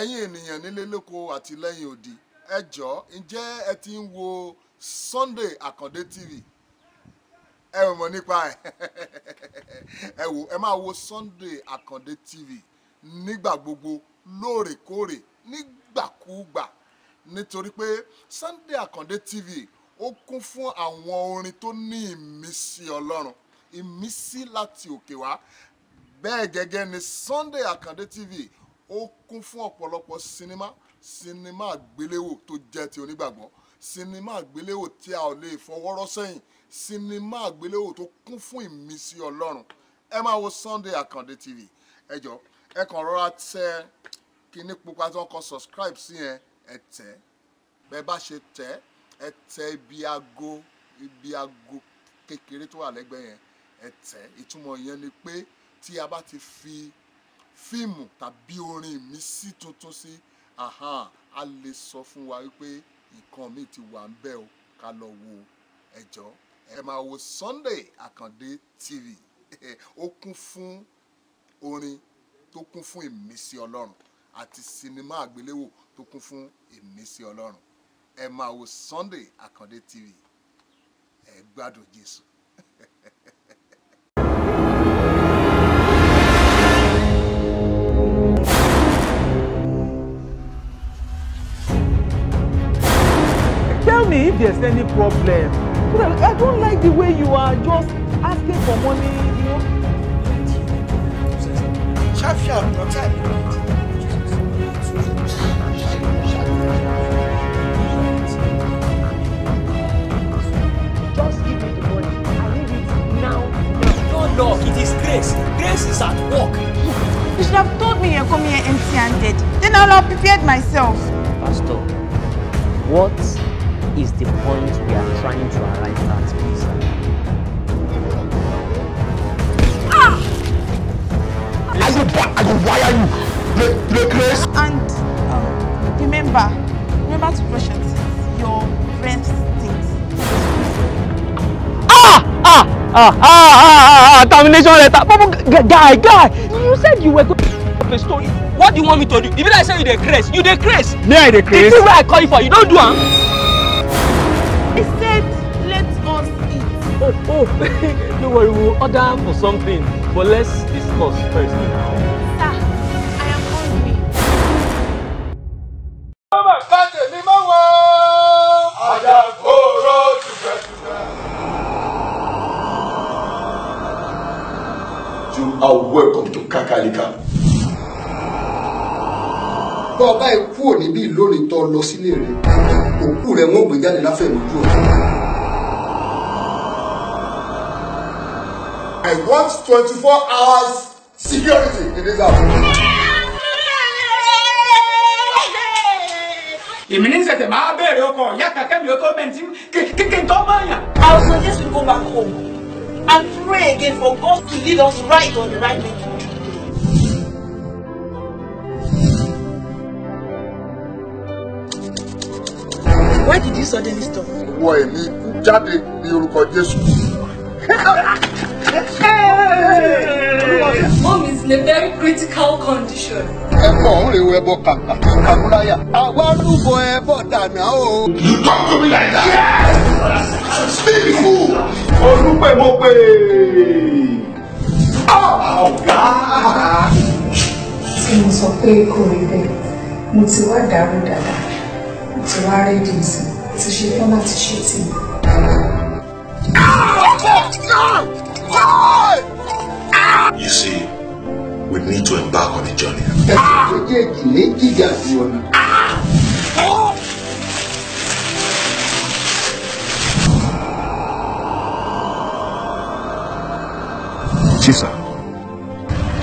ẹ̀yin ènìyàn nílé lóko àti lẹ́yìn odi ẹ jọ̀ọ́ ǹjẹ́ ẹ ti ń wo Sunday Àkàndé TV ẹ ò mọ̀ nípa ẹ̀ ẹ wò ẹ máa wo Sunday Àkàndé TV nígbà gbogbo lóòrèkóòrè nígbàkúùgbà nítorí pé Sunday Àkàndé TV ó kún fún àwọn orin tó ní ìmísí Ọlọ́run ìmísí láti òkè wá bẹ́ẹ̀ gẹ́gẹ́ ni Sunday Àkàndé TV ó kún fún ọ̀pọ̀lọpọ̀ sinimá sinimá àgbéléwò tó jẹ́ ti onígbàgbọ́ sinimá àgbéléwò tí a ò lè fọwọ́rọ́ sẹ́yìn sinimá àgbéléwò tó kún fún ìmísí ọlọ́run ẹ máa wo Sunday Akande TV ẹ jọ ẹ kàn rọra tẹ kíní pupa tí wọ́n kọ subscribe sí yẹn ẹ tẹ bẹ bá ṣe tẹ ẹ tẹ ibi aago ibi aago kékeré tó wà lẹ́gbẹ̀ẹ́ yẹn ẹ tẹ ìtumọ̀ yẹn ni pé tí a bá ti fi fíìmù tàbí orin mi sí tuntun sí a lè sọ fún wa wípé nǹkan mi ti wà ń bẹ̀ o ká lọ wo ẹjọ́ ẹ máa wo Sunday Akande TV ó kún fún orin tó kún fún ìmísí Ọlọ́run àti sinimá àgbéléwò tó kún fún ìmísí Ọlọ́run ẹ máa wo Sunday Akande TV ẹ gbádùn Jésù. me if there's any problem. I don't like the way you are just asking for money, you know. Sharp, sharp, Just give me the money. I need it now. No luck, it is grace. Grace is at work. You should have told me you're coming here empty-handed. Then I'll have prepared myself. Pastor, what is the point we are trying to arrive at, please. Ah! I will, I will wire you. The, the grace. And um, remember, remember to brush your teeth. Your friends' things. Ah! Ah! Ah! Ah! Ah! ah, ah! Termination letter. Guy, guy, you said you were going to story. What do you want me to do? Even I say you the grace, you the grace. Yeah, the grace. This is what I call you for, you don't do am. Huh? oh, oh. no worry, we'll order for something. But let's discuss first. Sir, I am hungry. You are welcome to Kakalika. Bọ́ọ̀ báyìí kúrò níbí lónìí tó lọ sílé rẹ̀, òkú rẹ̀ wọ́n gbé jáde láfẹ̀ẹ́ lójú ọ̀tún. I want 24 hours security in this house. Èmi ní I will suggest we go back home and pray again for God to lead us right on the right way. Why did you suddenly stop? Wọ ẹ̀mí kú jáde ní orúkọ Jesus. Mom is in a very critical condition. Ẹ̀bọ̀ ń rèwọ ẹbọ kàkà tí You talk to me like that. Yes! Speak fool. Olúpẹ̀ mo Oh ah, God! Ọ̀gá. Tí mo sọ pé kò rí bẹ́ẹ̀, mo ti wá dàrú You see, we need to embark on a journey. Chief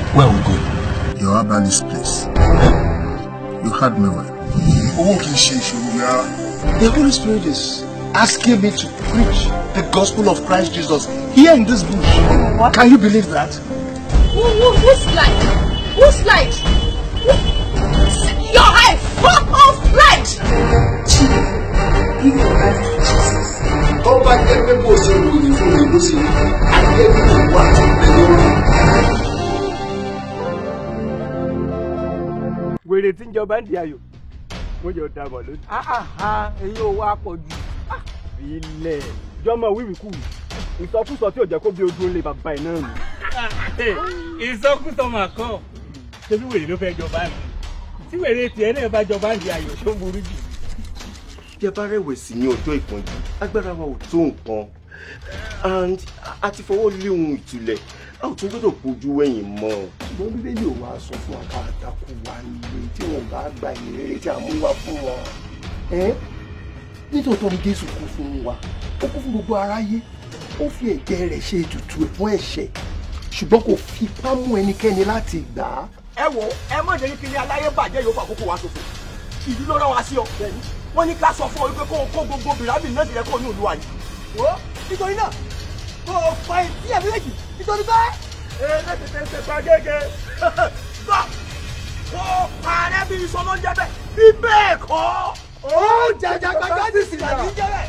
where are we going? Your Abali's place. You heard me right. The Holy Spirit is asking me to preach the gospel of Christ Jesus here in this bush. What? Can you believe that? Who, who, who's slide? Who's slide? Who? Your eye full of light! Give your life to Jesus. Tó bá jẹ́ pé bó ṣe wù ní Wèrè tí ń jọba ń di ayò, mo yọ̀ dàbọ̀ lójú. Ah, ah, ah, èyí ò wá pọ̀ jù fi lẹ̀ jọmọ wíwìkú ìsọkúsọ tí ò jẹ́ kó bí ojú ńlẹ̀ bàbá ẹ̀ náà nù. Eh, ìsọkúsọ mà kọ́ ṣebí wèrè ló fẹ́ jọba mi tí wèrè tiẹ̀ náà bá jọba mi ayọ̀ tó burú jù. bí bá rẹ̀wẹ̀sì ní ọjọ́ ìpọ́njú agbára wa ò tó nǹkan and a ti fọwọ́ lé ohun ìtulẹ̀ a ò tún gbọ́dọ̀ bójú wẹ̀yìn mọ́. ṣùgbọ́n bíbélì ò wá sọ fún wa ká àtakò wa nílé tí wọn bá gba ìrere tí a mú wa fún wa nítòótọ́ ni jésù kú fún wa ó kú fún gbogbo aráyé ó fi ẹ̀jẹ̀ rẹ̀ ṣe ètùtù fún ẹ̀ṣẹ̀ ṣùgbọ́n kò fi ipá mú ẹnikẹ́ni láti gbà á. ẹ wo ẹ mọ̀ jẹ́ kí ilé aláyé bàjẹ́ yóò fà kókó wa ṣòfò ìlú ló rán wa sí ọ wọ́n ní ká sọ fún ọ wípé kó o kó gbogbo bìrábì náà sì yẹ kó o ní olúwa yìí. wo nítorí náà kó o fa etí ẹ̀ méjì nítorí bẹ́ẹ̀. ee láti fẹ́ ṣe pa gẹ́gẹ́ gbọ́ kó o pa arábìnrin sọmọ́jẹ́ bẹ́ẹ̀ bí bẹ́ẹ̀ kọ́ ó jẹjẹ gbẹgbẹ ti sì làdí jẹrẹ.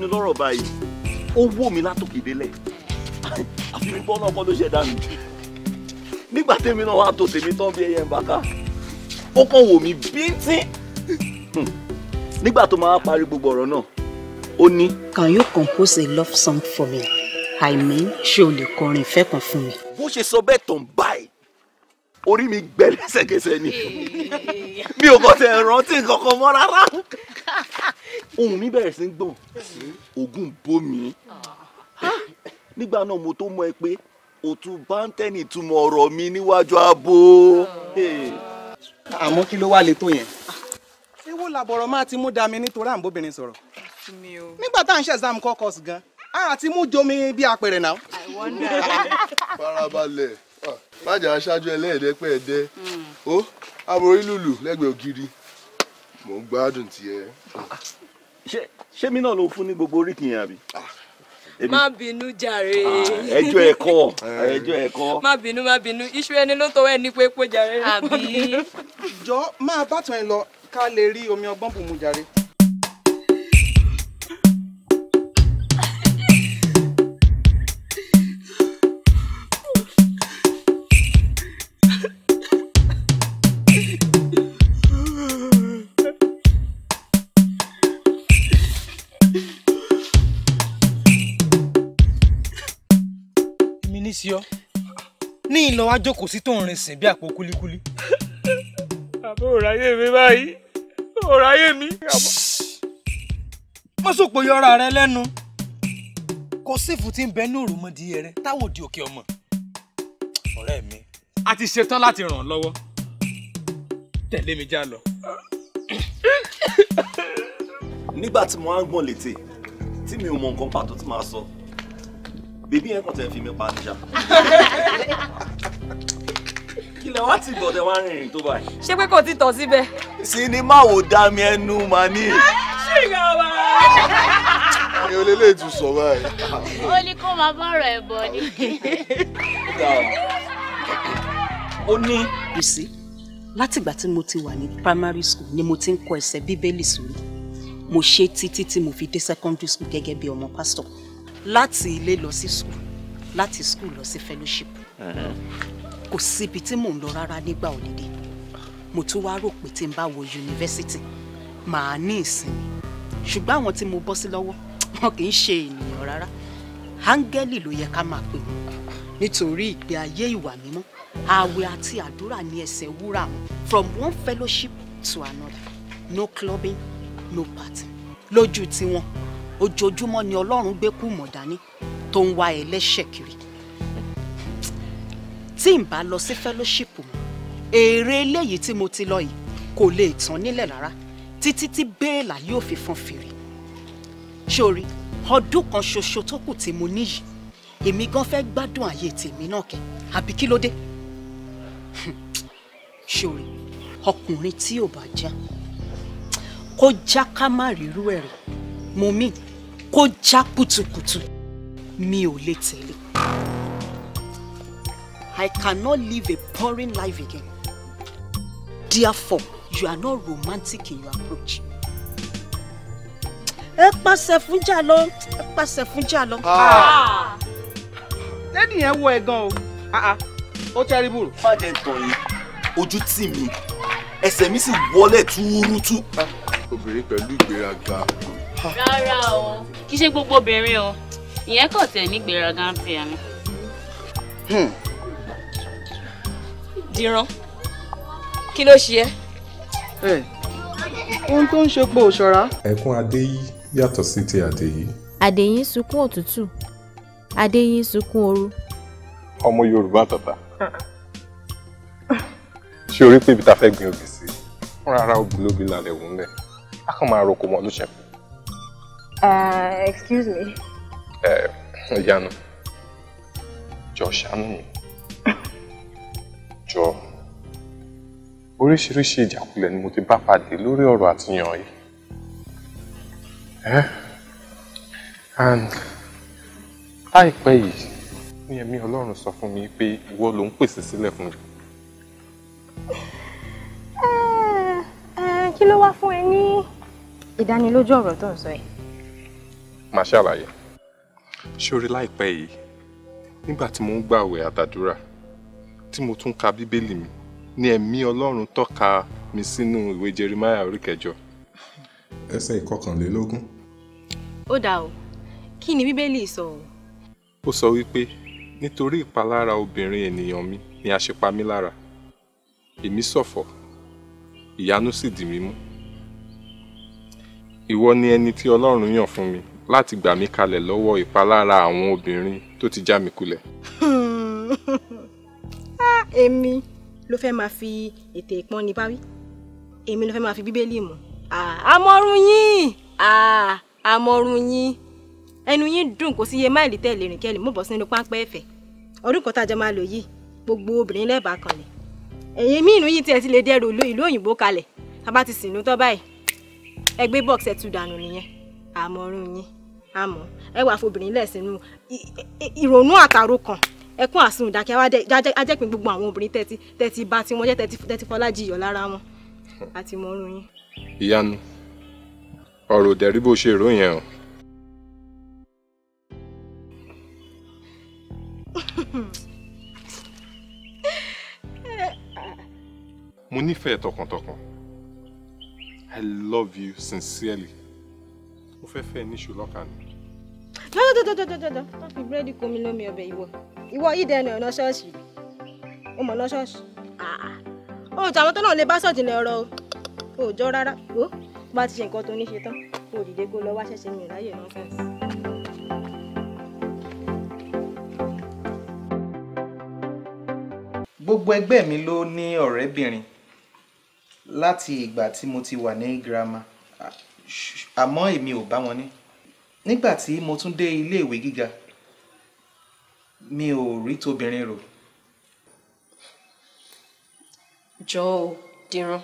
lẹ́nu lọ́rọ̀ báyìí ó wò mí látòkè délẹ̀ àfi náà kọ́ ló ṣẹ̀dá mi nígbà tèmi náà wà tó tèmi tán bí ẹyẹ ń bàkà ó kàn wò mí bíntín hmm. nígbà tó máa parí gbogbo ọ̀rọ̀ náà ó ní. Can you compose a love song for me? I mean ṣé o lè kọrin ìfẹ́ kan fún mi. bó ṣe sọ bẹ́ẹ̀ tàn báyìí orí mi gbẹ lẹ́sẹ̀kẹsẹ̀ ni mi ò kọ́ tẹ̀ rántí kankan mọ́ rárá ohùn mi bẹ̀rẹ̀ sí gbọ̀n ògùn bó mi ah. nígbà náà mo tó mọ̀ ẹ pé òtún báńtẹ́nì ìtumọ̀ ọ̀rọ̀ mi níwájú abo. àmọ́ kí ló wá le tó yẹn. ewu làbọ̀rọ̀ máa ti mú da mi nítorí àǹbóbìnrin sọ̀rọ̀ nígbà tá à ń ṣe exam kọ́kọ́sì gan-an àti mú jomi bí apẹ̀rẹ̀ náà. farabalẹ̀ májà aṣáájú ẹlẹ́ẹ̀dẹ́pẹ́ ẹ̀dẹ́ ó aborí lùlù lẹ́gbẹ̀ẹ́ ògiri mò ń gbádùn tiẹ̀. ṣé mi náà ló fún ní gbogbo oríkì yẹn àbí. Ah. má bínú jàre. Ah, ẹjọ́ ẹ̀kọ́ ẹjọ́ ẹ̀kọ́. má bínú má bínú iṣu ẹni ló tọwọ́ ẹ ní pé pé jàre. àbí. jọ máa bá tàn ẹ lọ ká lè rí omi ọgbọ́n bù mu jàre. sí ọ ní ìlọ wá jókòó sí tó ń rin sìn bí àpò kúlíkúlí. àbí òráyé mi báyìí òráyé mi. má sòpò yọra rẹ lẹ́nu kò sífù tí ń bẹ ní òròmọdìyẹ rẹ táwọn òdì òkè ọmọ ọ̀rẹ́ mi a ti ṣetán láti ràn ọ́ lọ́wọ́ tẹ̀lé mi já lọ. nígbà tí mo á ń gbọ̀n létè tí mi ò mọ nǹkan pàtó tí màá sọ. So bèbí yẹn kàn tẹ́ fi mi pa níjà. kílẹ̀ wá ti bọ̀dẹ̀ wá rìnrìn tó báyìí. ṣé pé kò ti tọ̀ síbẹ̀. sinimá wo dá mi ẹnu màá ní. ṣìgá wa. mi ò lélẹ́yìí tún sọ báyìí. ó ní kó máa bọ̀rọ̀ ẹ̀ bọ̀ ni. ó ní. kò látìgbà tí mo ti wà ní primary school ni mo ti ń kọ ẹsẹ̀ bíbélì sórí mo ṣe títí tí mo fi dé secondary school gẹ́gẹ́ bí ọmọ pásítọ̀ láti ilé lọ sí school láti school lọ sí fellowship uh-huh. kò síbi tí mò ń lọ rárá nígbà òníde mo tún wá rò pé tí n bá wọ yunifásitì màá ní ìsinmi ṣùgbọ́n àwọn tí mo bọ́ sí lọ́wọ́ wọn kì í ṣe ènìyàn rárá áńgẹ́lì ló yẹ ká máa pè wọ́n nítorí ìgbé ayé ìwà mímọ́ ààwẹ̀ àti àdúrà ní ẹsẹ̀ wúrà wọn from one fellowship to another no clubbing no party lójú tiwọn ojoojúmọ́ ni ọlọ́run gbé kú mọ̀ dání tó ń wá ẹlẹ́ṣẹ̀ kiri tí n bá lọ sí fellowship mu èrè eléyìí tí mo ti lọ yìí kò lè tán nílẹ̀ rárá títí tí bẹ́ẹ̀là yóò fi fọn fèrè sórí ọdún kan ṣoṣo tó kù tí mo níyì èmi gan fẹ́ gbádùn àyè tèmi náà kẹ àbí kí ló dé sórí ọkùnrin tí ò bá já kó já ká má rírú ẹ̀ mo mí kó já kùtùkùtù mi ò lè tẹ̀lé. I cannot live a boring life again. Therefore, you are not romantic in your approach. Ẹ pàṣẹ fún jà lọ, ẹ pàṣẹ fún jà lọ. Lẹ́nu ah. ah. yẹn wọ ẹ gan o, ah, ó tẹ́rìbù. Fàjẹ́ ntọ̀ yìí, ojú tì mí, ẹsẹ̀ mi sì wọlé túrútú. Obìnrin pẹ̀lú ìgbéraga. Rárá o kì í ṣe gbogbo obìnrin o ìyẹn kò tẹ̀ ní gbéraga ń pè mí. Hmm. dìran kí ló ṣe ẹ. ohun tó ń ṣe pé ò ṣọra. ẹkún adéyí yàtọ̀ sí ti àdèyí. àdèyí ń sunkún òtútù adéyí ń sunkún ooru. ọmọ yorùbá tata ṣé orí pé ibi tá a fẹ́ gbin òbí sí fúnra ara obìlóbi lálẹ́ òun lẹ̀ a kàn máa roko mọ́ ló ṣẹ̀fẹ̀. Uh, excuse me. Eh, Jana. Jọ ṣàánú mi. Jọ. Oríṣiríṣi ìjàkulẹ̀ ni mo ti bá pàdé lórí ọ̀rọ̀ àtìyàn yìí. Eh? And láìpẹ́ yìí ní ẹ̀mí Ọlọ́run sọ fún mi pé ìwọ ló ń pèsè sílẹ̀ fún mi. Eh, eh, kí ló wá fún ẹ ní ìdánilójú ọ̀rọ̀ tó ń sọ yìí? máa ṣàlàyé. ṣorí láìpẹ́ yìí nígbà tí mo ń gbàwẹ̀ àtàdúrà tí mo tún ka bíbélì mi ni ẹ̀mí ọlọ́run tọ́ka mi sínú ìwé Jeremiah orí kẹjọ. ẹsẹ̀ ìkọkànlélógún. ó dà o kí ni bíbélì sọ o. ó sọ wípé nítorí ìpalára obìnrin ènìyàn mi ni a ṣe pa mí lára èmi ṣọ̀fọ̀ ìyanu sì dì mí mú ìwọ ni ẹni tí ọlọ́run yàn fún mi láti gbà mí kalẹ̀ lọ́wọ́ ìpalára àwọn obìnrin tó ti já mi kulẹ̀. Ah, èmi ló fẹ́ máa fi ètè ìpọ́nni báwí èmi ló fẹ́ máa fi bíbélì mú ah, àmọ́rún yín ah, àmọ́rún yín ẹnu yín dùn kò sí iye máìlì tẹ̀lé rìn kẹ́lì mú bọ́ sínú páńpẹ́ ẹ̀fẹ̀ ọdún kan tájọ máa lò yìí gbogbo obìnrin lẹ́ẹ̀bà kanlẹ̀ ẹ̀yin mí inú yìí tiẹ̀ ti lè dẹrù ìlú òyìnbó kalẹ̀ tá a bá ti sìnú tọ́ báyìí ẹgbẹ́ bọ́ọ̀sì ẹ̀ tún dànù nìyẹn àmọ́rún yín àmọ́ ẹ wàá fobìnrin lẹ̀ ìrònú àtàrò kan ẹkún àsun ìdákẹ́ ajẹ́pin gbogbo àwọn obìnrin tẹ́tí tẹ́tí bá tí wọ́n jẹ́ tẹ́tí fọlájìyọ̀ lára wọn àti mọ́rún yín. ìyanu ọ̀rọ̀ òdẹ̀rí bó ṣe rò yẹn o. mo nífẹ̀ẹ́ tọkàntọkàn I love you sincerely fẹ́ fẹ́ níṣu lọ́kàn ni. dọ́dọ̀dọ̀dọ̀dọ̀dọ̀ má fi búrẹ́dì kó mi lómi ọbẹ̀ ìwọ ìwọ yìí dẹnu ọ̀nà ṣọ́ọ̀ṣì ó mọ̀ ọ̀nà ṣọ́ọ̀ṣì ó ah, ah. oh, tàwọn tó náà lè bá sọ̀tì lẹ̀ ọ̀rọ̀ o ò jọ rárá o bá ti ṣe nǹkan tó ní ṣe tán kó o dìde kó lọ wá ṣẹ̀ṣẹ̀ mi ò ráyè nọ́ọ̀sẹ̀nsì. gbogbo ẹgbẹ́ mi ló ní ọ̀rẹ́bìnrin láti ìgbà tí mo ti wà ní girama àmọ́ èmi ò bá wọn ní nígbà tí mo tún dé ilé ìwé gíga mi ò rí tobìnrin rò. jọ̀ọ́ Dìran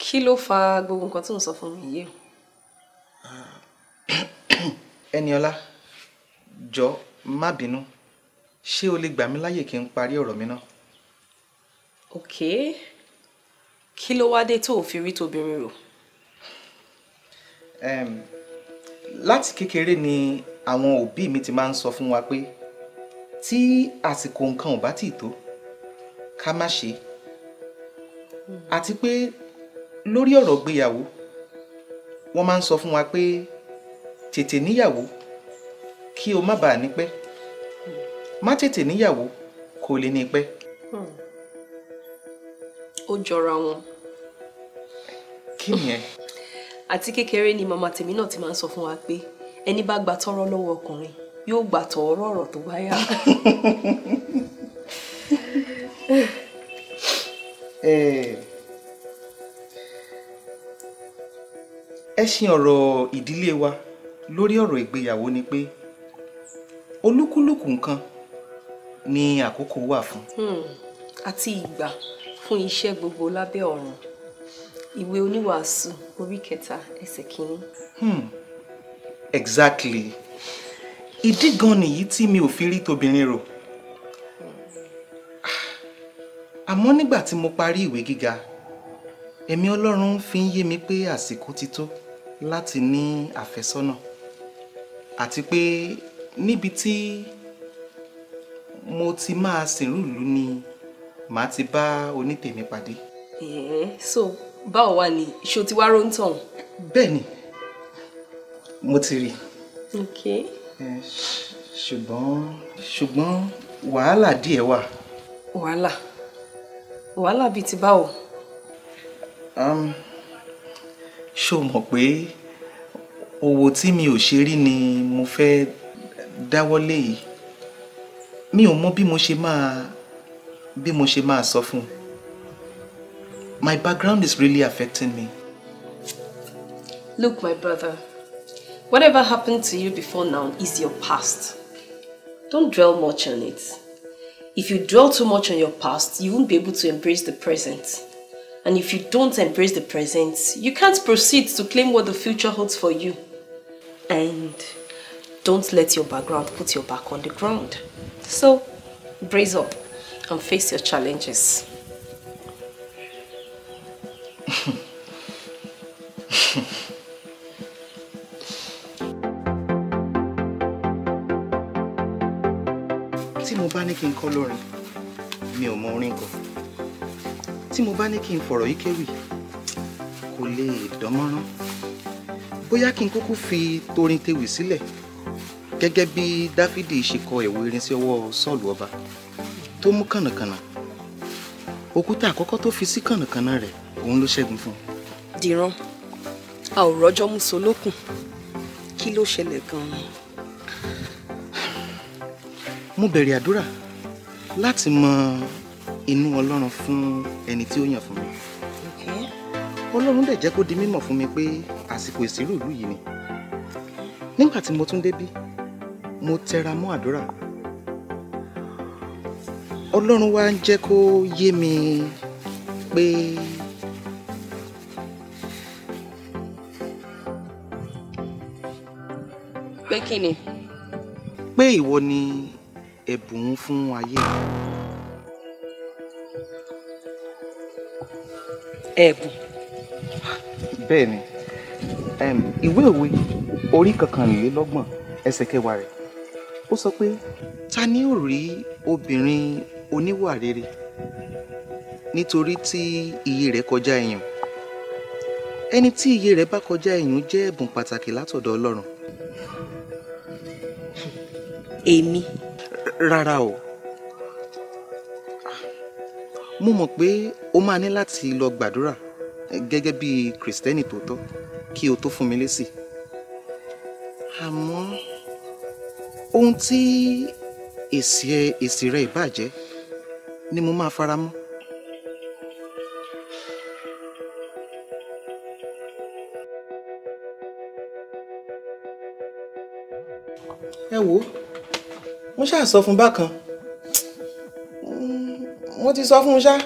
kí ló fa gbogbo nǹkan tó ń sọ fún mi yìí o. Ah, Ẹniọlá jọ̀ọ́ má bínú ṣé o lè gbà mí láyè kí n parí ọ̀rọ̀ mi náà. ok kí ló wá dé tó o fi rí tobìnrin rò láti kékeré ni àwọn òbí mi ti máa ń sọ fún wa pé tí àsìkò nǹkan ò bá tì tó ká má ṣe àti pé lórí ọ̀rọ̀ gbéyàwó wọ́n máa ń sọ fún wa pé tètè níyàwó kí o má bàa nípẹ́ má tètè níyàwó kò lè nípẹ́. Hmm. ó jọra wọn. kí ni ẹ àti kékeré ni màmá tèmi náà ti máa ń sọ fún wa pé ẹni bá gba tọrọ lọ́wọ́ ọkùnrin yóò gbà tọrọ ọ̀rọ̀ tó bá yá. Eh, ẹṣin ọ̀rọ̀ ìdílé wa lórí ọ̀rọ̀ ìgbéyàwó ni pé olúkúlùkù nǹkan ni àkókò wà fún. Hmm, àti ìgbà fún iṣẹ́ gbogbo lábẹ́ ọ̀run ìwé oníwàásù orí kẹta ẹsẹ̀ kìíní. Hmm. exactly ìdí gan nìyí tí mi ò fi rí tobìnrin rò àmọ́ nígbà tí mo parí ìwé gíga ẹ̀mí ọlọ́run fi ń yé mi pé àsìkò ti tó láti ní àfẹ́sọ́nà àti pé níbi tí mo ti máa sìnrú ìlú ni màá ti bá onítèmi pàdé. so báwo wà ní iṣó tí wá ró ń tàn. bẹ́ẹ̀ ni mo ti rí i ṣùgbọ́n ṣùgbọ́n wàhálà díẹ̀ wà. wàhálà wàhálà bíi ti báwo. ṣó mọ̀ pé owó tí mi ò ṣe rí ni mo fẹ́ dáwọ́lé yìí mi ò mọ bí mo ṣe máa bí mo ṣe máa sọ fún un My background is really affecting me. Look, my brother, whatever happened to you before now is your past. Don't dwell much on it. If you dwell too much on your past, you won't be able to embrace the present. And if you don't embrace the present, you can't proceed to claim what the future holds for you. And don't let your background put your back on the ground. So, brace up and face your challenges. tí mo bá ní kí n kọ lórin mi ò mọ orin kọ tí mo bá ní kí n fọ̀rọ̀ yìí kéwì kò lè dánmọ́rán bóyá kí n kúkú fi torin tewì sílẹ̀ gẹ́gẹ́ bí dáfídì ṣe kọ ẹ̀wù irin sí ọwọ́ sọ́ọ̀lù ọba tó mú kànàkànà òkúta àkọ́kọ́ tó fi sí kànàkànà rẹ̀ òun ló ṣẹ́gun fún un. dìran a ò rọjọ́ muso lókun kí ló ṣẹlẹ̀ gan-an. mo bẹ̀rẹ̀ àdúrà láti mọ inú ọlọ́run fún ẹni tí ó yàn fún mi. ọlọ́run dẹ̀ jẹ́ kó di mímọ̀ fún mi pé àsìkò ìṣirò ìlú yìí ni. nígbà tí mo tún débí mo tẹra mọ́ àdúrà ọlọ́run wá ń jẹ́ kó yé mi pé. Pe kí ni. pé ìwọ ni ẹ̀bùn fún ayé. ẹ̀bùn. bẹ́ẹ̀ ni ìwé òwe orí kankanlélọ́gbọ̀n ẹsẹ̀ kẹwàá rẹ̀ ó sọ pé ta ni ó rí obìnrin oníwà rere nítorí tí iye rẹ̀ kọjá èèyàn ẹni tí iye rẹ̀ bá kọjá èèyàn jẹ́ ẹ̀bùn pàtàkì látọ̀dọ̀ Ọlọ́run èmi. rárá o mo mọ̀ pé o máa ní láti lọ gbàdúrà gẹ́gẹ́ bí kìrìsìtẹ́nì tòótọ́ kí o tó fún mi lésì àmọ́ ohun tí èsì ẹ èsì rẹ ìbàjẹ́ ni mo máa fara mọ́. ẹ wo mo ṣáà sọ fún bákan mo ti sọ fún un ṣá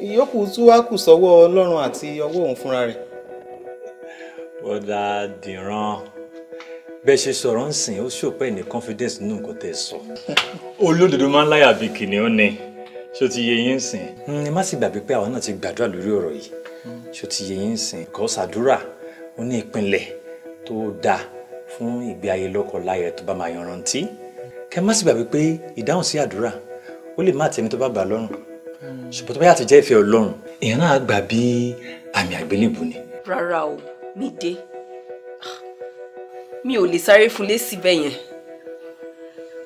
ìyókù tí wàá kù sọ́wọ́ ọlọ́run àti ọwọ́ òun fúnra rẹ̀. bọ́dà dìran bẹ́ẹ̀ ṣe sọ̀rọ̀ ń sìn ó ṣòpẹ́ ní confidence nínú nǹkan tẹ̀ sọ. olódodo máa ń láyà bíi kìnìún ni ṣó ti yẹ yín sìn. Hmm, ẹ má sì gbàgbé pé àwọn náà ti gbàdúrà lórí ọ̀rọ̀ yìí ṣó ti yẹ yín sìn. kò sàdúrà ó ní ìpínlẹ̀ tó dáa fún ìgbé ayé lọ́kọ̀ọ́láyà tó bá máa yanrantí kẹ má sì gbàgbé pé ìdáhùn sí àdúrà ó lè má tẹni tó bá bà lọ́rùn ṣùgbọ́n tó bá yà ti jẹ́ ìfẹ́ Ọlọ́run èèyàn náà gbà bí àmì àgbélébù ni. rárá o mi dé mi ò lè sáré fún lésì bẹ́ẹ̀ yẹn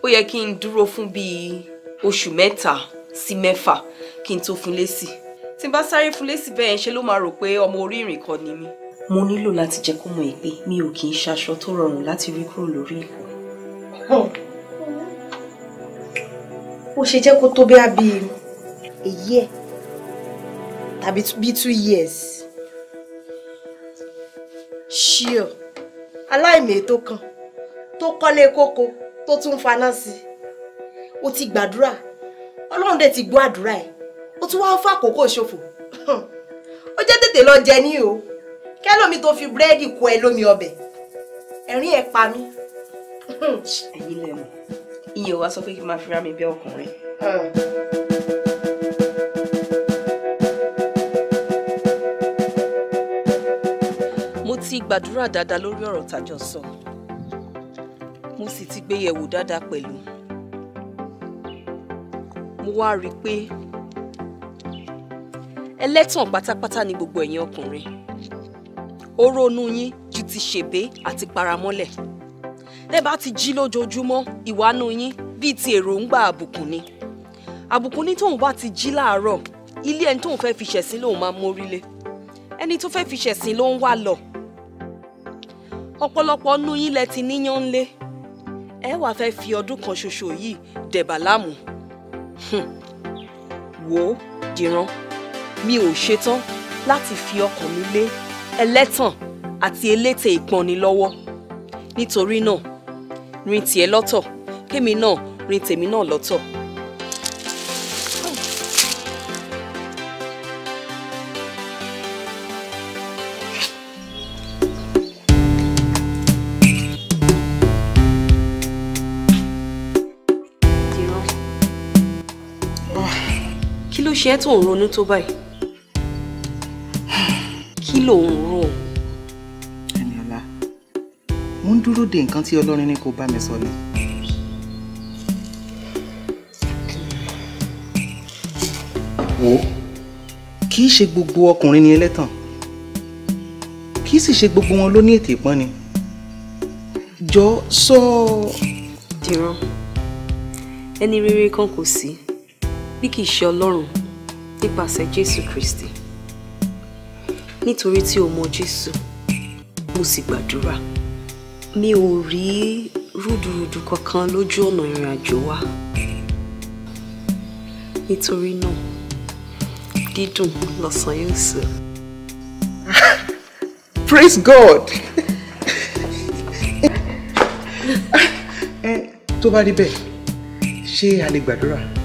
ó yẹ kí n dúró fún bíi oṣù mẹ́ta sí mẹ́fà kí n tó fún lésì tí n bá sáré fún lésì bẹ́ẹ̀ yẹn ṣe ló máa rò pé ọmọ orí ìrìn kan ni mí. mo nílò láti jẹ́ kó mọ̀ ẹ́ mi ò kì í ṣaṣọ tó rọrùn láti rí kúrò lórí ìlú. ó ṣe jẹ́ kó tó bí a bí a year tàbí bí two years sure aláìmètò kan tó kọ́lé kókó tó tún faná sí o ó ti gbàdúrà ọlọ́run dẹ̀ ti gbọ́ àdúrà ẹ̀ ó tún wá fàkókò ṣòfò ó jẹ́ tètè lọ jẹ ní o kẹ́lómi tó fi búrẹ́dì kó ẹ lómi ọbẹ̀ ẹ̀rín ẹ̀ pa mí. ẹ̀yin lẹ́mọ̀ iye wa sọ pé kí n máa fi rá mi bí ọkùnrin. Hmm. mo ti gbàdúrà dáadáa lórí ọ̀rọ̀ tájọ sọ mo sì ti gbé yẹ̀wò dáadáa pẹ̀lú mo wá rí i pé ẹlẹ́tàn pátápátá ni gbogbo ẹ̀yin ọkùnrin ó ronú yín ju ti ṣèbé àti paramọ́lẹ̀ tẹ́ bá ti jí lójoojúmọ́ ìwánú yín bíi ti èròǹgbà àbùkù ni àbùkù ní tóun bá ti jí láàárọ̀ ilé ẹni tóun fẹ́ fi ṣẹ̀sín lòun máa mórí lé ẹni tó fẹ́ fi ṣẹ̀sín ló ń wá lọ ọ̀pọ̀lọpọ̀ nú yín lẹ ti níyàn ńlé ẹ wàá fẹ́ fi ọdún kan ṣoṣo yìí dẹ̀bà láàmú wò ó dìran mi ò ṣetán láti fi ọkàn mi lé ẹlẹ́tàn àti elétè ìpọ́nni lọ́wọ́ nítorí náà rin tiẹ̀ lọ́tọ̀ kémi náà rin tèmi náà lọ́tọ̀. kí ló ṣe é tó ń ronú tó báyìí kí ló ń rò dúró de nǹkan tí ọlọ́run ní kó bá mi sọ ni. wo kì í ṣe gbogbo ọkùnrin ni ẹlẹ́tàn kì í sì ṣe gbogbo wọn ló ní ètè ìpọ́nni jọ sọ. dìran ẹni rere kan kò sí bí kì í ṣe ọlọ́run nípasẹ̀ jésù kristi nítorí tí o mọ jésù mo sì gbàdúrà mi ò rí rúdurùdu kankan lójú ọ̀nà ìrìn àjò wa nítorí náà dídùn lọ́sàn yóò sọ. Praise God. Eh, tó bá rí bẹ́ẹ̀ ṣé a lè gbàdúrà.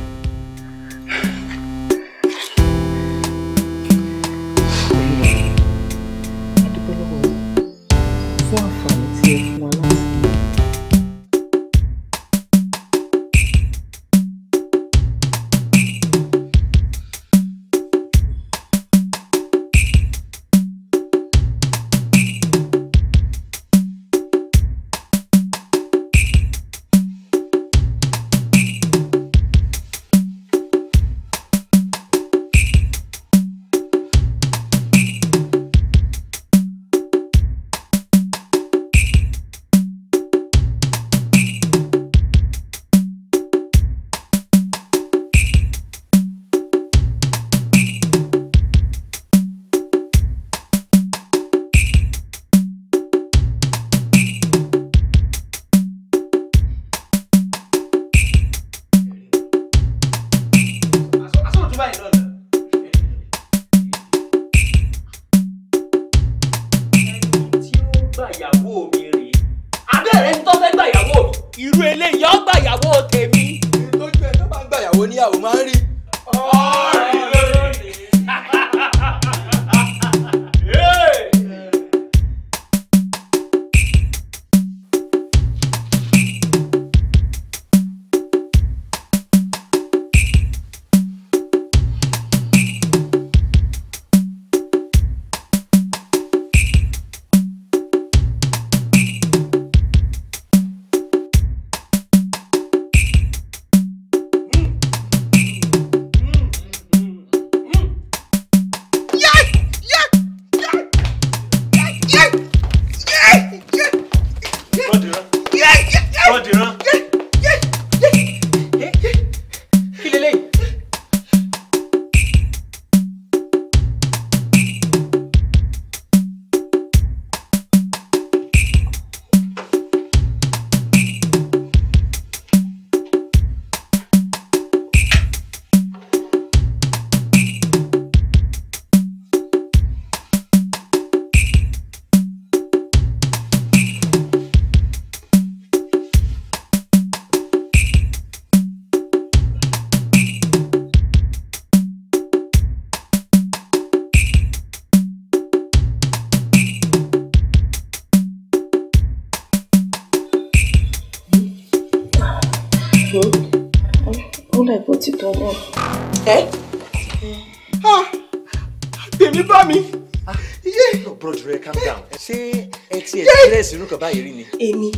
sí irú báyìí rí ni. èmi.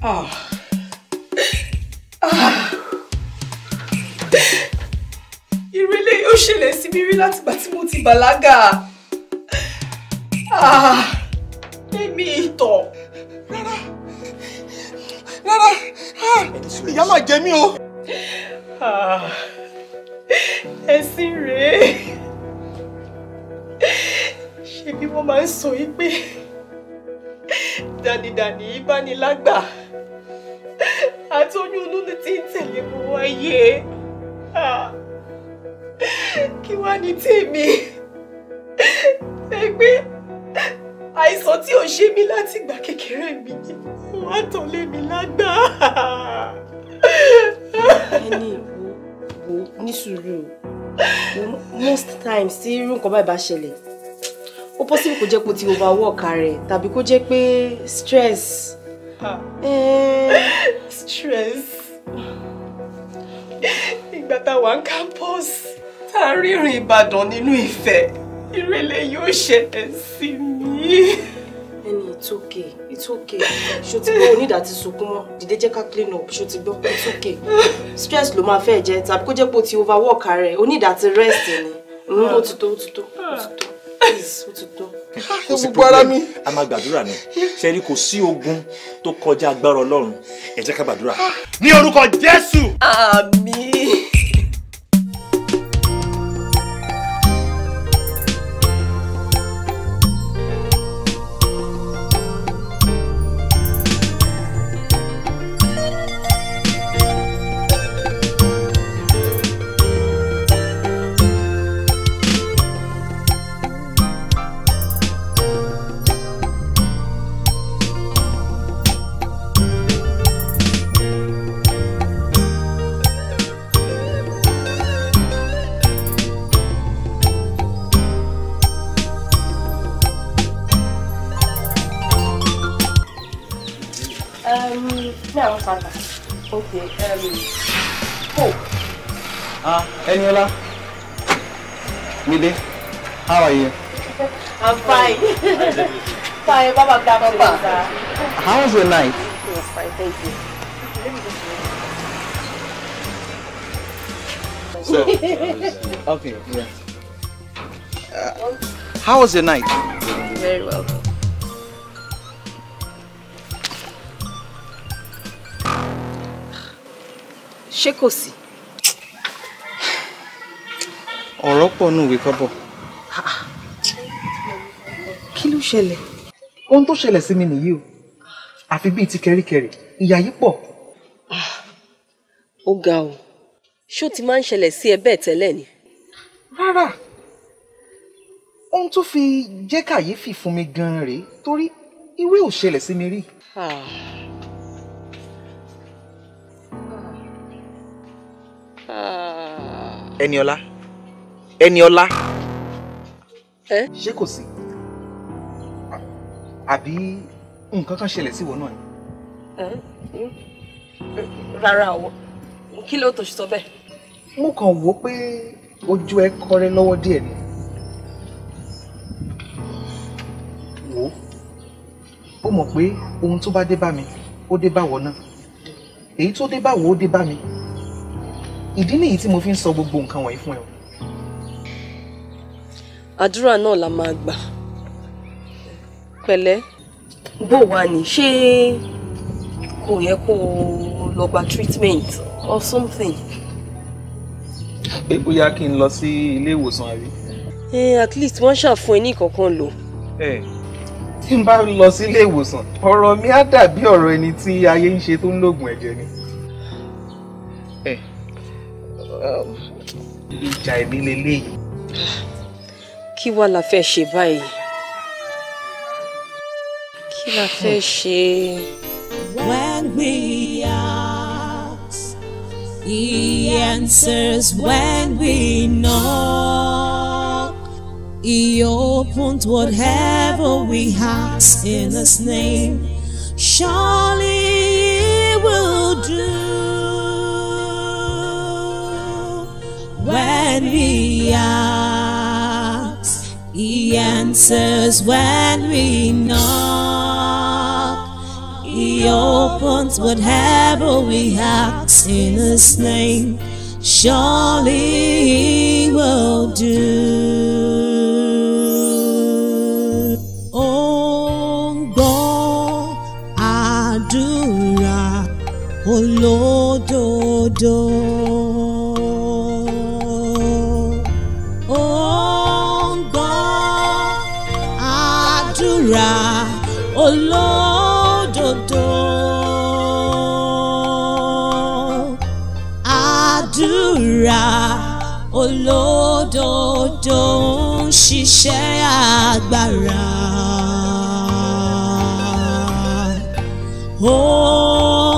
ah ah irú eléyìí ó ṣẹlẹ̀ sí mi rí látìgbà tí mo ti bàlágà ah èmi ìtọ̀ rárá rárá ah. ìyá máa jẹ mí o. Ah. ẹ̀sìn rèé ṣebí wọ́n máa ń sọ yí pé dànìdànì ìbánilágbà àtọyún inú ni tí ń tẹ̀lé gbogbo ayé kí wá ní tèmi ẹgbẹ́ àìsàn tí ò ṣe mí láti ìgbà kékeré mi ni wọ́n á tàn lé mi lágbà. ẹni ìwò ní sùúrù most times tí irú nǹkan báyìí bá ṣẹlẹ̀ possible kó jẹ́ pé ti overwork rẹ̀ tàbí kó jẹ́ pé stress. Eh. stress ìgbà tá a campus tá a rírìn Ìbàdàn nínú ìfẹ́ ìrẹ̀lẹ̀ yóò ṣẹlẹ̀ sí mi. ẹni it's okay it's okay ṣó ti gbọ́ onídàá ti sunkún mọ́ dìde jẹ́ ká clean up ṣó ti gbọ́ it's okay stress ló máa fẹ́ jẹ tàbí kó jẹ́ pé ti overwork rẹ̀ onídàá ti rest ni ah. mm, ó ti tó ó ti ah kò sí ah, problem a máa gbàdúrà ni ṣe ni kò sí ogun tó kọjá agbára Ọlọ́run ẹ jẹ́ ká gbàdúrà. Ah. ní orúkọ Jésù. àmín. Afana. Okay, um, Hope. Ah, Eniola. Mide, how are you? I'm fine. fine, Baba Papa. How was your night? It was fine, thank you. So, okay, yeah. Uh, how was your night? Very well. ṣé kò sí. ọ̀rọ̀ pọ̀ nù ìwé kọ́bọ̀. Ah, kí ló ṣẹlẹ̀. ohun tó ṣẹlẹ̀ sí mi nìyí o àfi bíi ti kẹríkẹrí ìyà yìí pọ̀. Ah, ó ga o ṣó ti máa ń ṣẹlẹ̀ sí ẹ bẹ́ẹ̀ tẹ́lẹ̀ ni. rárá ohun tó fi jẹ́ kàyéfì fún mi gan-an rèé torí ìwé ò ṣẹlẹ̀ sí mi rí. Ah. Eniola, Ẹniọlá ṣé kò sí àbí nǹkan kan ṣẹlẹ̀ sí ìwọ náà ni. rárá o kí ló tó sọ bẹ́ẹ̀. mo kàn wò ó pé ojú ẹ kọrẹ́ lọ́wọ́ díẹ̀ ni. wò ó ó mọ̀ pé ohun tó bá dé bá mi ó dé báwọ̀ náà èyí tó dé báwọ̀ ó dé bá mi ìdí nìyí tí mo fi ń sọ gbogbo nǹkan wọ̀nyí fún ẹ o. àdúrà náà la máa gbà pẹ̀lẹ́ bó wà ní ṣé kò yẹ kó o lọ gba treatment or something. pé ya kí n lọ sí ilé ìwòsàn àbí. at least wọ́n ṣàfún ẹ ní ìkọ̀kan lò. tí n bá lọ sí ilé ìwòsàn ọ̀rọ̀ mi á dàbí ọ̀rọ̀ ẹni tí ayé ń ṣe tó ń lògùn ẹ̀jẹ̀ ni. Um, ìjà la fẹ́ ṣe báyìí kí fẹ́ ṣe. When we ask, he answers when we knock. He opens whatever we ask in his name. Surely he will do. when we ask. He answers when we knock. He opens whatever we ask in His name. Surely He will do. Oh God, Adura, Oh, oh ìmúra olódodo. àdúrà olódodo ń ṣiṣẹ́ agbára. ó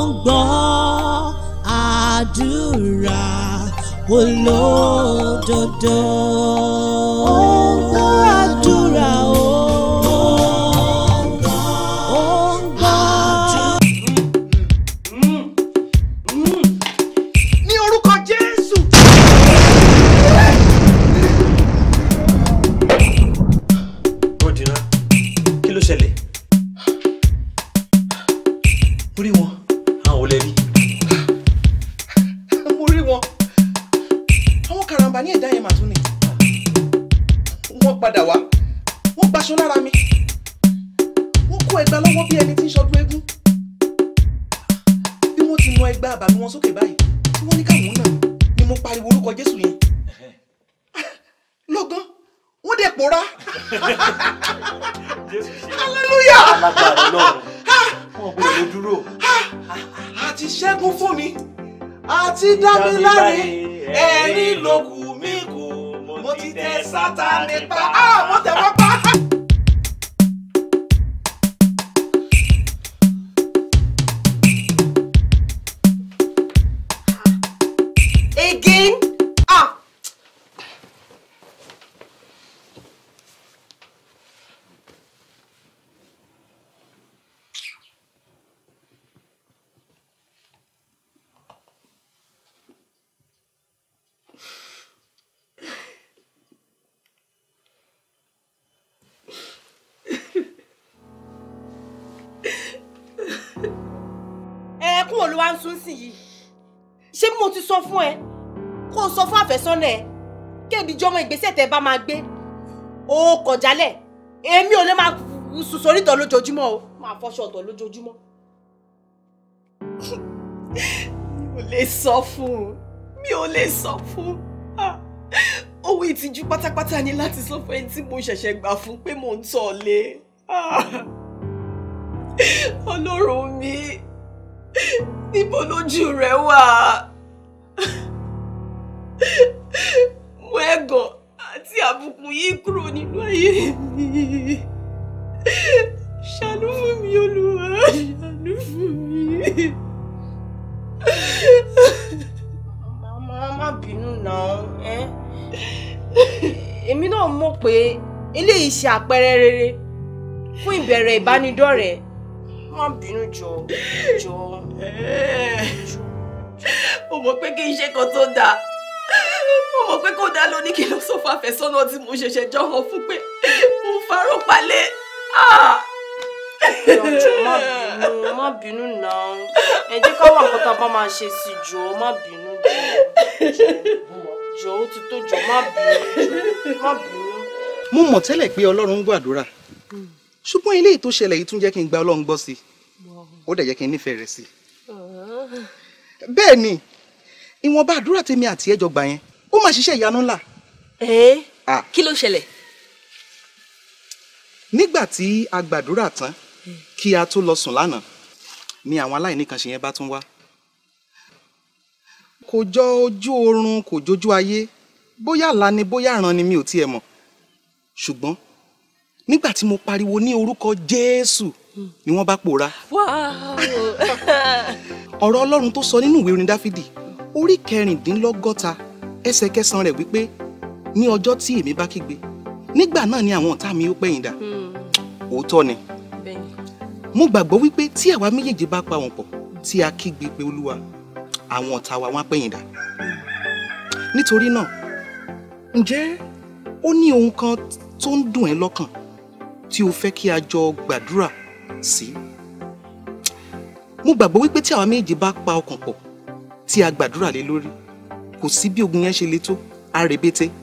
ń gbọ́ àdúrà olódodo. mi láre ẹ̀rín ló kù mí kù mo ti tẹ Sátánì pa á ah, mo tẹ wọ́n fún ẹ kó o sọ fún àfẹ́sọ́nà ẹ kébìjọ ọmọ ìgbésẹ̀ tẹ bá máa gbé o kọ̀ jálẹ̀ èmi ò lè máa sùn sórí ìtọ̀ lójoojúmọ́ o máa fọṣọ ọ̀tọ̀ lójoojúmọ́. mi ò lè sọ fún un mi ò lè sọ fún un ah, owó ìtìjú pátápátá ni láti sọ fún ẹni tí mo ṣẹ̀ṣẹ̀ gbà fún pé mò ń tọ̀ lé ah, ọlọ́run mi níbo lójú rẹ wà mú ẹ̀gàn àti àbùkù yìí kúrò nínú ayé mi ṣàánú fún mi olúwa ṣàánú fún mi. màmá má bínú náà ẹ èmi náà mọ̀ pé eléyìí ṣe àpẹẹrẹ rere fún ìbẹ̀rẹ̀ ìbánidọ́rẹ̀ẹ́ má bínú jọ̀ọ́ jọ̀ọ́ jọ̀ọ́ mo mọ̀ pé kí iṣẹ́ kan tó dáa mo mọ̀ pé kó dáa lóní kí ló sọ fún àfẹ́sọ́nà tí mo ṣẹ̀ṣẹ̀ jọ hàn fún pé mo farò palẹ̀. Ìyọ̀jọ̀ ah! má bínú má bínú náà ẹ jẹ́ ká wà nǹkan tá a bá máa ṣe sí jọ má bínú jọ ó ti tó jọ má bínú má bínú. Mo mọ̀ tẹ́lẹ̀ pé Ọlọ́run ń gbàdúrà hmm. ṣùgbọ́n eléyìí tó ṣẹlẹ̀ yìí tún jẹ́ kí n gba Ọlọ́run gbọ́ sí i ó dẹ̀ jẹ́ kí n nífẹ̀ẹ́ rẹ̀ sí i. Uh-huh bẹ́ẹ̀ ni ìwọ̀nba àdúrà tèmi àti ẹjọ́ gbà yẹn ó mà ṣiṣẹ́ ìyanu ńlá. ẹ ah. kí ló ṣẹlẹ̀. nígbà tí a gbàdúrà tán hmm. kí a tó lọ sùn lánàá ni àwọn aláìní kan ṣe yẹn bá tún wá. kò jọ ojú oorun kò jójú ayé bóyá àlá ni bóyá àràn ni mi ò tiẹ̀ mọ̀ ṣùgbọ́n nígbà tí mo pariwo ní orúkọ Jésù ni wọ́n bá pòórá. ọ̀rọ̀ ọlọ́run tó sọ nínú ìwé orin dáfídì orí kẹrìndínlọ́gọ́ta ẹsẹ̀ rẹ̀ wípé ní ọjọ́ tí èmi bá kígbe nígbà náà ni àwọn ọ̀tá mi ó pẹ̀yìn dà hmm. òótọ́ ni mo gbàgbọ́ wípé tí àwa méjèèjì bá pa wọn pọ̀ tí a kígbe pé olúwa àwọn ọ̀tá wa wọn á pẹ̀yìn dà nítorí náà ǹjẹ́ ó ní ohun kan tó ń dùn ẹ́ lọ́kàn tí o fẹ́ kí a jọ gbàdúrà sí. mo gbàgbọ́ wípé tí àwa méjì bá pa ọkàn pọ̀ tí a gbàdúrà lé lórí kò sí bí ogun yẹn ṣe le tó á rebete.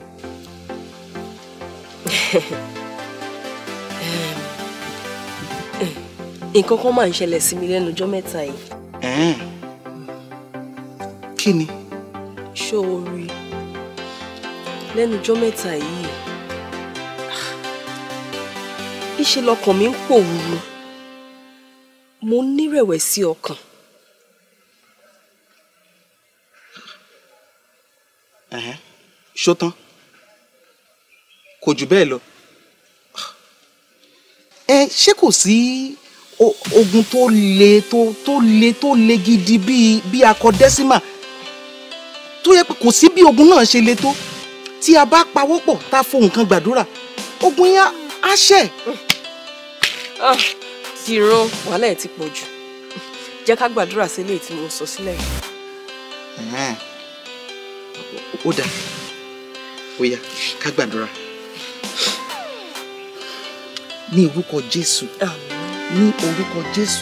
nǹkan kan máa ń ṣẹlẹ̀ sí mi lẹ́nu ọjọ́ mẹ́ta yìí. kí ni. ṣó o rí lẹ́nu ọjọ́ mẹ́ta yìí ńṣe lọkàn mi ń pòwúru mo nírẹ̀wẹ̀sì ọkàn. ṣótán kò jù bẹ́ẹ̀ lọ ẹ ṣé kò sí ogun tó le tó tó le tó le gidi bíi bíi akọ dẹ́símà tó yẹ pé kò sí bí ogun náà ṣe le tó tí a bá pawọ́ pọ̀ tá a fohùn kan gbàdúrà ogun yẹn á ṣẹ. Ah dìrò wàhálà ẹ̀ ti pọ̀ jù jẹ́ ká gbàdúrà sí ilé tí mo sọ sílẹ̀ yìí. ó dáa ó yá ká gbàdúrà ní orúkọ jésù ní orúkọ jésù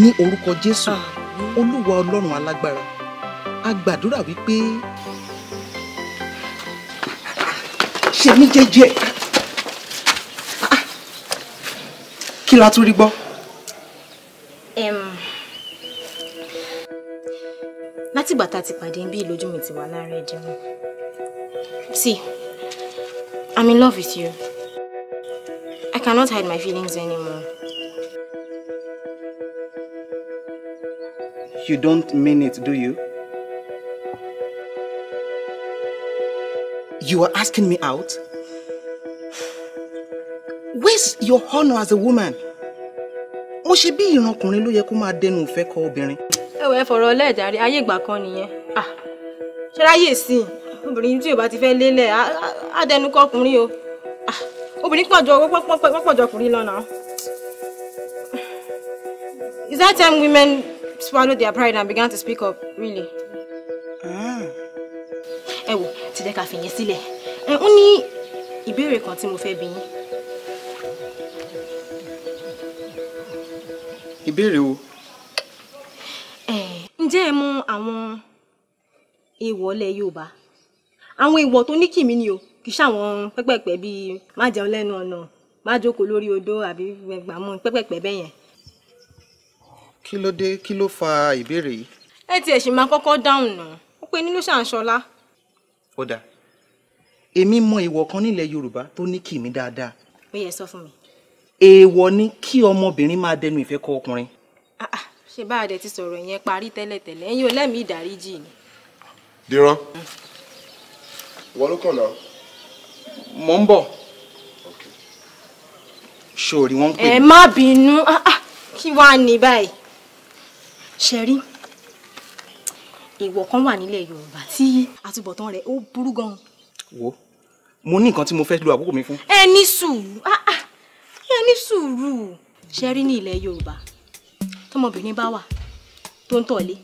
ní orúkọ jésù olúwa ọlọ́run alágbára a gbàdúrà wípé ṣe mí jẹ́jẹ́. kí la tún rí gbọ́. látìgbà tá a ti pàdé bí ìlójú mi ti wà lára ẹ̀dẹ̀ wọn see i'm in love with you i cannot hide my feelings anymore. You don't mean it, do you? You are asking me out? your honor, as a woman mo ṣe bí ìran ọkùnrin ló yẹ kó máa dẹnu ìfẹ́ kọ obìnrin. ẹwẹ fọ̀rọ̀ ọlẹẹdarí ayé ìgbà kan nìyẹn ah, ṣe ráyè sí i obìnrin tí o bá ti fẹ́ lélẹ̀ á dẹnu kọ ọkùnrin o ah, obìnrin pọ̀jọ pọ̀jọ ọkùnrin lọ́nà. Is that time women swallowed their pride and began to speak up really. Ah. ẹ wò ti jẹ́ ká fìyẹn sílẹ̀ ó ní ìbéèrè kan tí mo fẹ́ bi yín. ìbéèrè wo. ǹjẹ́ ẹ mú àwọn èèwọ̀ ilẹ̀ Yorùbá àwọn èèwọ̀ tó ní kìmí ni o kì í ṣàwọn pẹ́pẹ́pẹ́ bíi má jẹun lẹ́nu ọ̀nà má jókòó lórí odó àbí gbàmú pẹ́pẹ́pẹ́ bẹ́ẹ̀ yẹn. kí ló dé kí ló fa ìbéèrè yìí. ẹ tiẹ̀ sì máa kọ́kọ́ dáhùn nà ó pe nínú ṣàǹṣọlá. ó dáa èmi mọ èèwọ̀ kan nílẹ̀ Yorùbá tó ní kìmí dáadáa. ó yẹ sọ fún mi èèwọ̀ ni kí ọmọbìnrin máa dẹnu ìfẹ́ kọ ọkùnrin. Ah, ah, ṣé bá a dẹ̀ ti sọ̀rọ̀ yẹn parí tẹ́lẹ̀tẹ́lẹ̀ ẹ̀yin ò lẹ́mìí ìdáríjì ni. dìran mm. wọ́n ló kàn náà. mò ń bọ̀ sórí wọn pè. ẹ má bínú ah, kí wàá ní báyìí ṣe rí èèwọ̀ kan wà nílẹ̀ yorùbá tí àtúbọ̀tán rẹ̀ ó burú gan-an. wo mo ní nǹkan tí mo fẹ́ lo àkókò mi fún. ẹ ní ní sùúrù ṣe rí ní ilẹ̀ yorùbá tọmọbìnrin bá wà tó ń tọ̀lé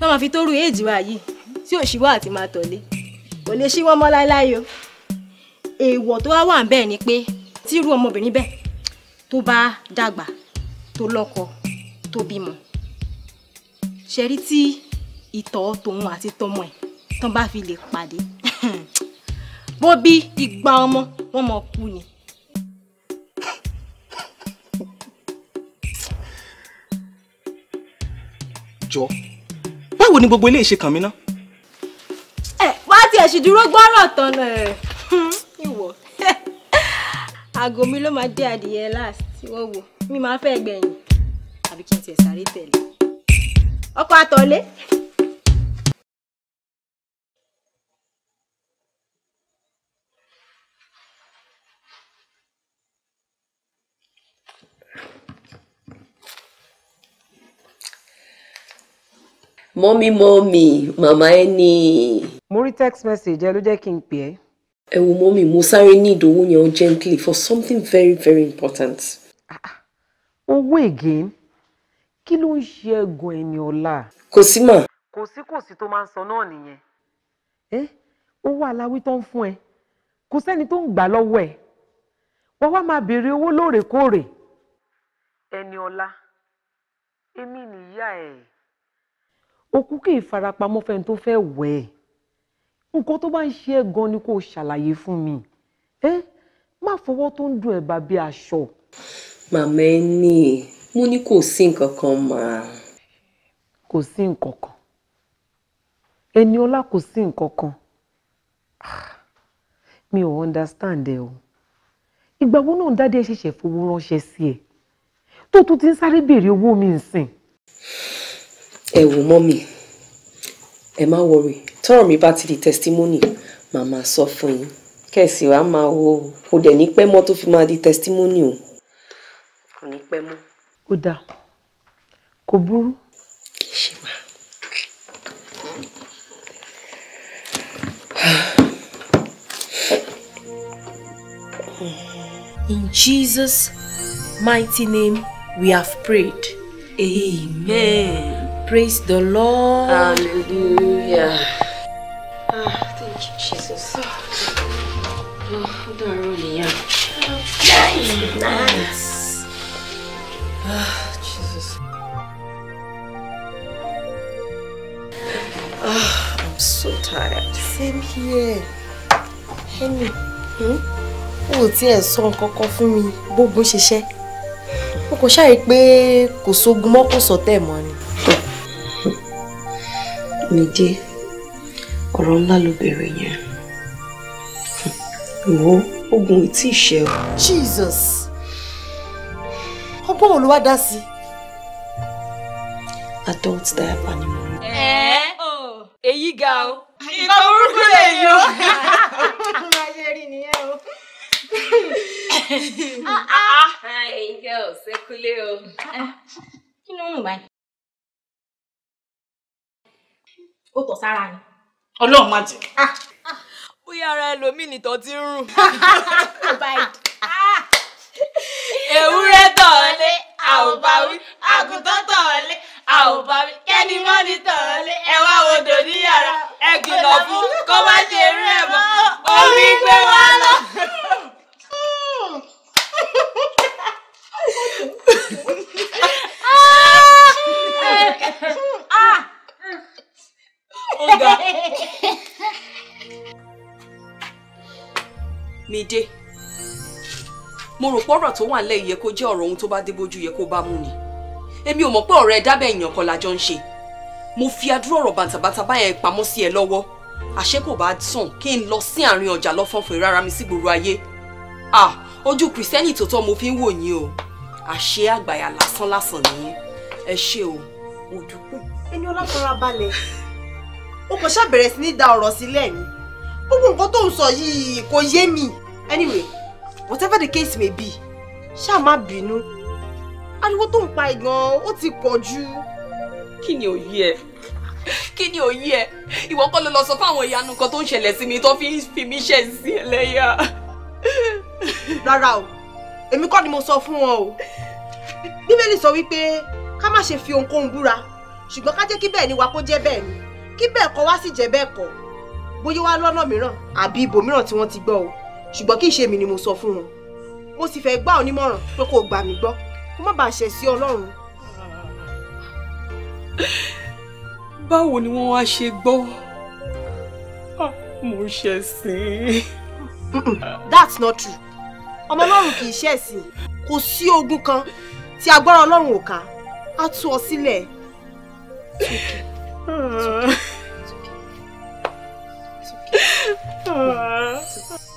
lọ́mọ fi tó rú èjì wa yìí tí ò ṣíwọ́ àti máa tọ̀lé kò lè ṣíwọ́ mọ́ láéláé o èèwọ̀ tó wá wà ń bẹ́ẹ̀ ni pé tí irú ọmọbìnrin bẹ́ẹ̀ tó bá dàgbà tó lọ́kọ tó bímọ ṣe rí tí ìtọ̀ tòun àti tọmọ ẹ̀ tán bá fi lè pàdé bó bí igba ọmọ wọn mọ kú ni. jọ báwo ni gbogbo ilé ìṣe kàn mí ná. ẹ wá tiẹ̀ sì dúró gbọ́rọ̀ tán ẹ̀ hmm, ìwọ aago mi ló máa dé adìyẹ last tí wọ́n wò mi máa fẹ́ gbẹ̀yìn àbí kí n tiẹ̀ sáré tẹ̀lé ọkọ̀ àtọ̀lé. mọ́mí mọ́mí màmá ẹ ní. mo rí text message ẹ ló jẹ́ kí n pè ẹ́. ẹ wo mọ́mí mo sáré ní ìdòwú yẹn gently for something very very important. Ah, ah. owó again kí ló ń ṣe ẹ̀gùn ẹ̀yìn ọ̀la. kò sí mà. kò sí kò sí tó máa ń sọ náà nìyẹn. ẹ owó aláwí tó ń fún ẹ kò sẹ́ni tó ń gbà lọ́wọ́ ẹ̀ wọ́n wá máa béèrè owó lóòrèkóòrè. ẹni ọlá èmi nìyá ẹ̀ òkú kì í farapamọ́ fẹ́ni tó fẹ́ wẹ̀ ẹ́ nǹkan tó bá ń ṣe ẹ́ gan ni kò ṣàlàyé fún mi ẹ má fọwọ́ tó ń dùn ẹ̀ bá bí aṣọ. màmá ẹ ní mo ní kò sí nǹkan kan máa. kò sí nǹkan kan ẹni ọlá kò sí nǹkan kan ah, mi ò understand ẹ o ìgbà náà dáadé ṣẹ̀ṣẹ̀ fowó ránṣẹ́ sí ẹ tó tún ti ń sáré béèrè owó mi ń sìn ẹ wò mọ́mì ẹ má wọrí tọ́rọ̀ mi bá ti di testimony màá máa sọ fún yín kẹ̀sì wàá máa wo kò dẹ̀ ní pẹ́ mọ́ tó fi máa di testimony o kò ní pẹ́ mọ́. ó dáa kò burú. In Jesus' mighty name we have prayed. Amen. Amen. Praise the Lord. Hallelujah. Ah, thank you, Jesus. Oh, darling, yeah. Nice. Nice. Ah, Jesus. Ah, I'm so tired. Same here. Henry. Hmm? o ti ẹ sọ nǹkan for me. mi bógun ṣiṣẹ́ mo kò ṣàrí pé kò sógun mọ́ kò sọ tẹ̀ mọ́ ni mi ọ̀rọ̀ ńlá ló bèrè yẹn hm, wo ogun ìtí ìṣe o. Jesus ọgbọ́n wo ló wá dá sí. adult diaper ni mo. ẹ ẹ o èyí ga o. ìgbà burúkú lèyí o. máa ṣe rí nìyẹn o. ah ah. ẹ̀yin gẹ́ ò ṣe kúlé o. Eh, kí ló ń wà ní. ó tọ̀ sára ni. ọlọ́run má jẹ́. Ah, ah. bóyá ara ẹlòmíì nìtọ́ ti ń rùn. Ah. ewúrẹ́ tọ̀ọ́lé àwòbáwí àgùntàn tọ̀ọ́lé àwòbáwí kẹ́ni mọ́ni tọ̀ọ́lé ẹ̀wá odò níyàrá ẹ̀kìlọ̀ fún kó má ṣe rú mọ́ omi gbé wá. mo rò pọ́rọ̀ tó wà lẹ́yìn yẹ kó jẹ́ ọ̀rọ̀ ohun tó bá dé bójú yẹ kó bá mú ni èmi ò mọ̀ pé ọ̀rọ̀ ẹ dábẹ́ èèyàn kan lájọ ń ṣe mo fi adúrò ọ̀rọ̀ bàǹtàbàǹtà báyẹn pamọ́ sí ẹ lọ́wọ́ àṣé kò bá sàn kí n lọ sí àárín ọjà lọ́fọ̀nfẹ̀ rárá mi sí gbòòrò ayé ah ojú kìrìsìtẹ́nì tòótọ́ mo fi ń wò yín o àṣé àgbàyà lásán lásán nìyẹn ẹ ṣe o òdùkún ẹni ọlákọra balẹ̀ o kò da ọ̀rọ̀ sílẹ̀ ni gbogbo nǹkan tó ń anyway whatever the case may be ṣáà má bínú ariwo tó ń pa ìgan ó ti pọ̀ jù. kí ni òye ẹ kí ni òye ẹ ìwọ kọ́ ló lọ sọ fáwọn ìyanu kan tó ń ṣẹlẹ̀ sí mi tó fi ń fi mí ṣẹ̀ sí ẹlẹ́yà. rárá o èmi kọ́ ni mo sọ fún wọn o bíbélì sọ wípé ká má ṣe fi ohunkóhun búra ṣùgbọ́n ká jẹ́ kí bẹ́ẹ̀ ni wa kó jẹ́ bẹ́ẹ̀ ni kí bẹ́ẹ̀ kọ́ wá sì jẹ́ bẹ́ẹ̀ kọ́ bóyá wá lọ́nà mìíràn àbí ibòmíràn tí wọ́n ti gbọ́ o ṣùgbọ́n kì í ṣe èmi ni mo sọ fún wọn mo sì fẹ́ gbà ọ́ pé kó gbà mí gbọ́ kó má bàa ṣe sí ọlọ́run. báwo ni wọ́n wá ṣe gbọ́ ah, mo ṣe sìn. that's not true ọmọ ọlọ́run kì í ṣe ẹ̀sìn kò sí ogun kan tí agbára ọlọ́run ò ká á tú ọ sílẹ̀. Ah. It's ah.